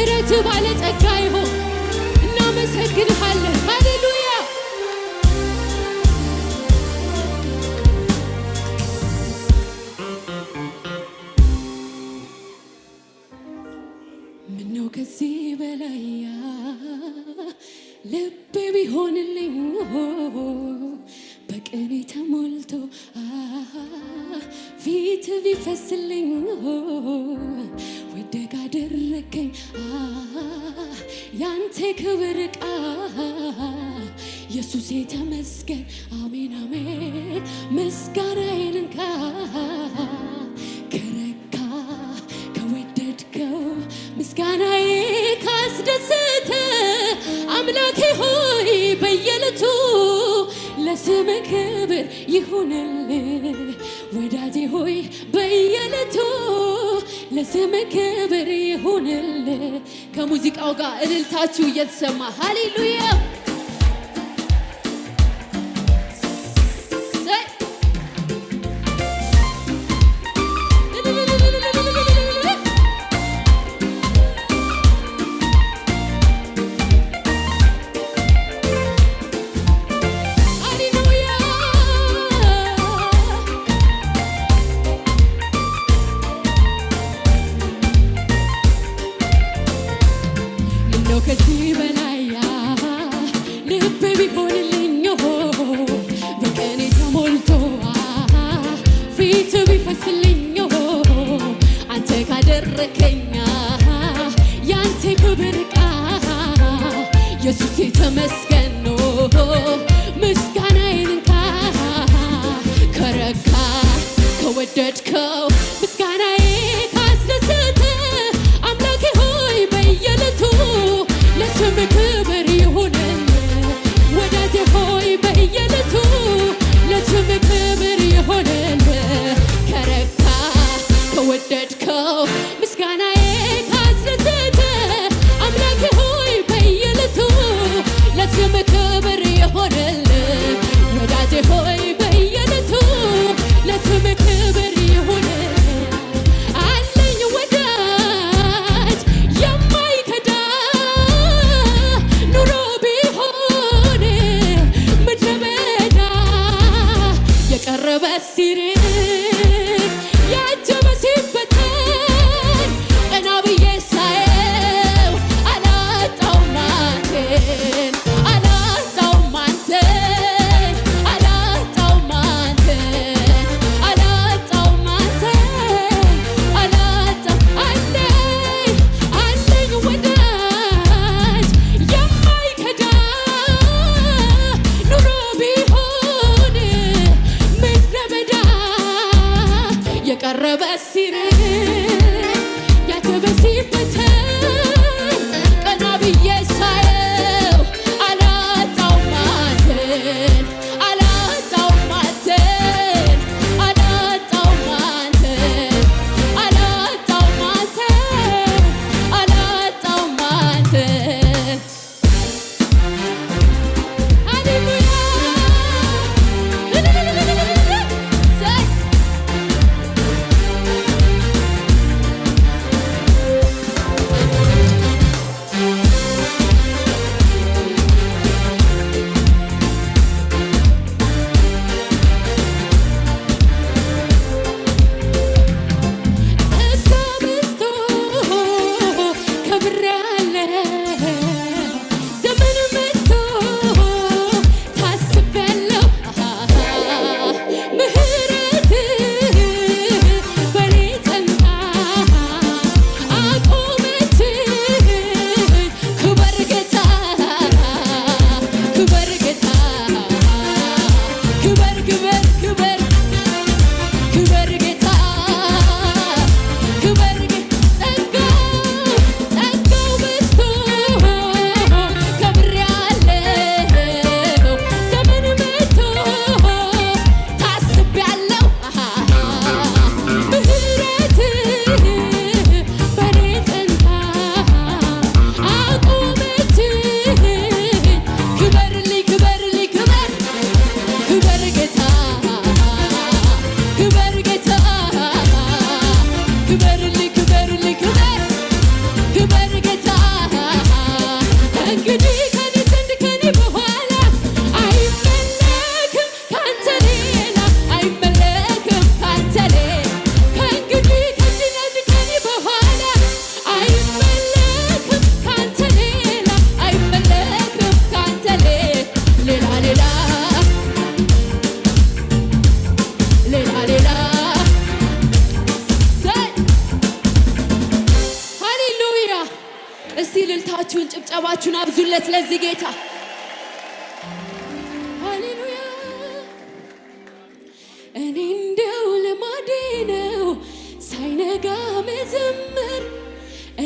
ምህረት ባለጠጋ ይሆን። እናመሰግንሃለን። ፊት ቢፈስልኝ ወይ ደግ አደረከኝ ያንተ ክብር ዕቃ ኢየሱስ የተመስገን። አሜን አሜን ምስጋናዬን እንካ ከረካ ከወደድከው ምስጋናዬ ካስደሰተ አምላኬ ሆይ በየለቱ ለስም ክብር ይሁንል ወዳጄ ሆይ በየለቱ ለስም ክብር ይሁንል። ከሙዚቃው ጋር እልልታችሁ እየተሰማ ሃሌሉያ ያደረከኛ ያንተ ክብር ቃ ኢየሱስ ተመስገን እኔ እንደው ልማዴ ነው ሳይነጋ መዘመር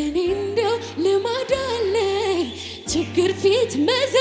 እኔ እንደው ልማዳለኝ ችግር ፊት መዘ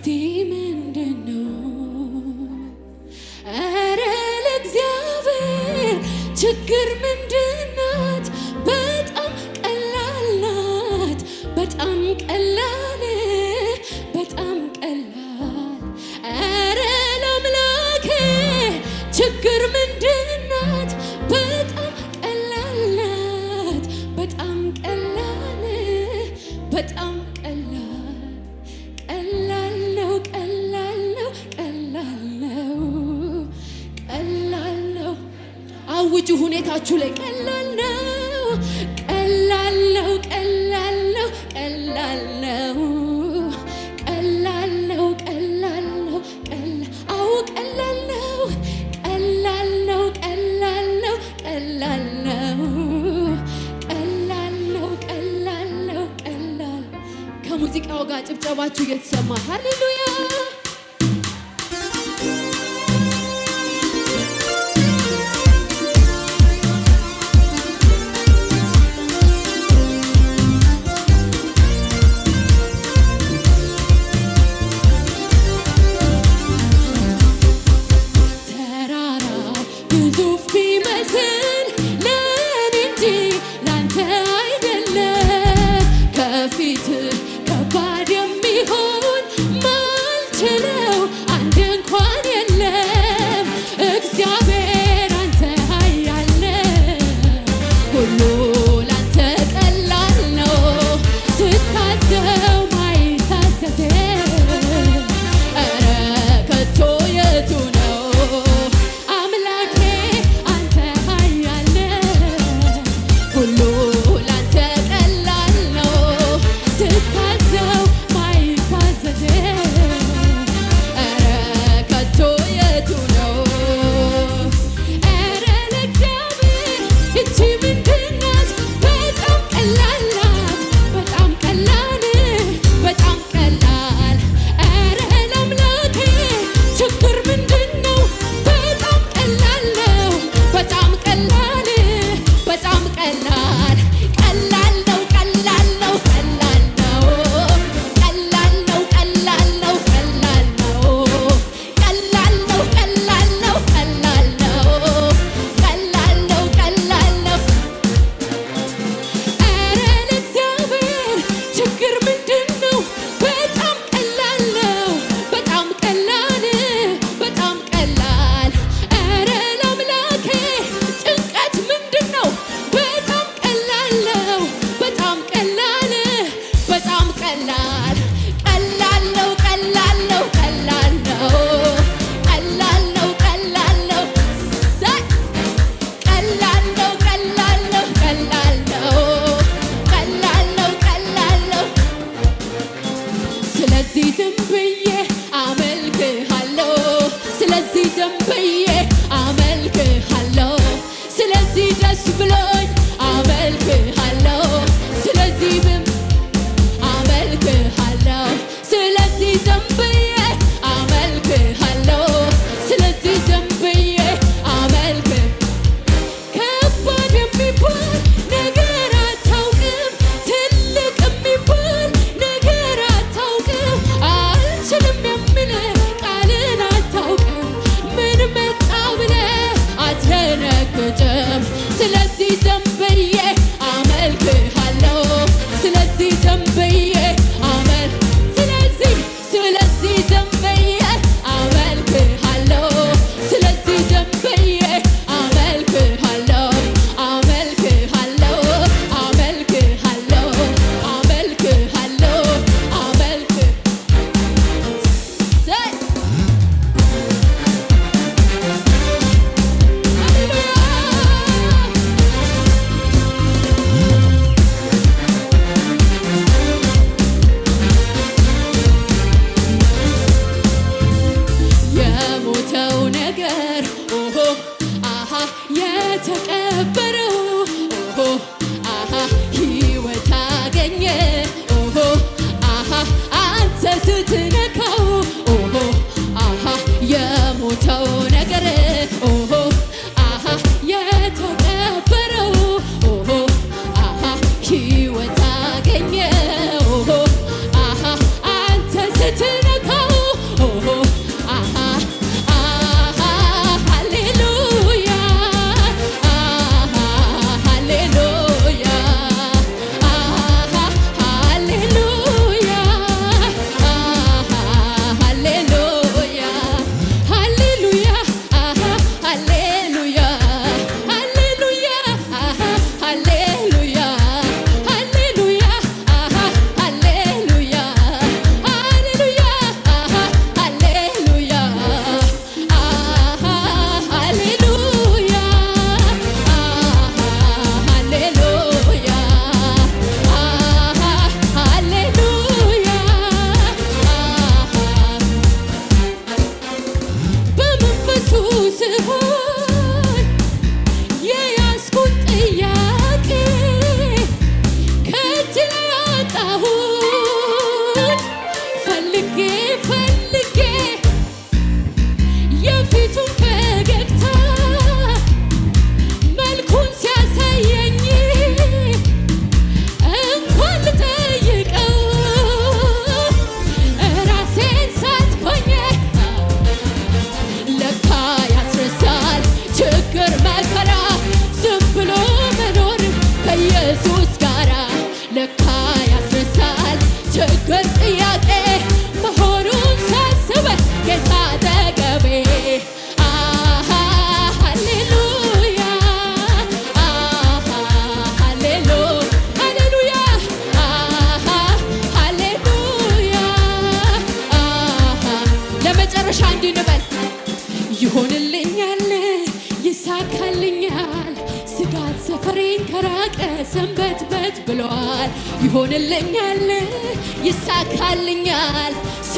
እስቲ ምንድን ነው ኧረ ለእግዚአብሔር ችግር ምንድን ናት? በጣም ቀላል ናት። በጣም ቀላል ህይወታችሁ ላይ ቀላል ነው፣ ቀላል ነው፣ ቀላል ነው፣ ቀላል ነው፣ ቀላል ነው፣ ቀላል ነው፣ አዎ ቀላል ነው፣ ቀላል ነው፣ ቀላል ነው፣ ቀላል ነው፣ ቀላል ነው፣ ቀላል ነው፣ ቀላል ከሙዚቃው ጋር ጭብጨባችሁ እየተሰማ ሃሌሉያ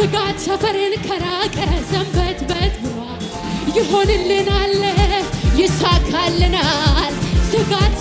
ስጋት ሰፈርን ከራቀ ሰንበትበት ብሏል። ይሆንልናል፣ ይሳካልናል ስጋት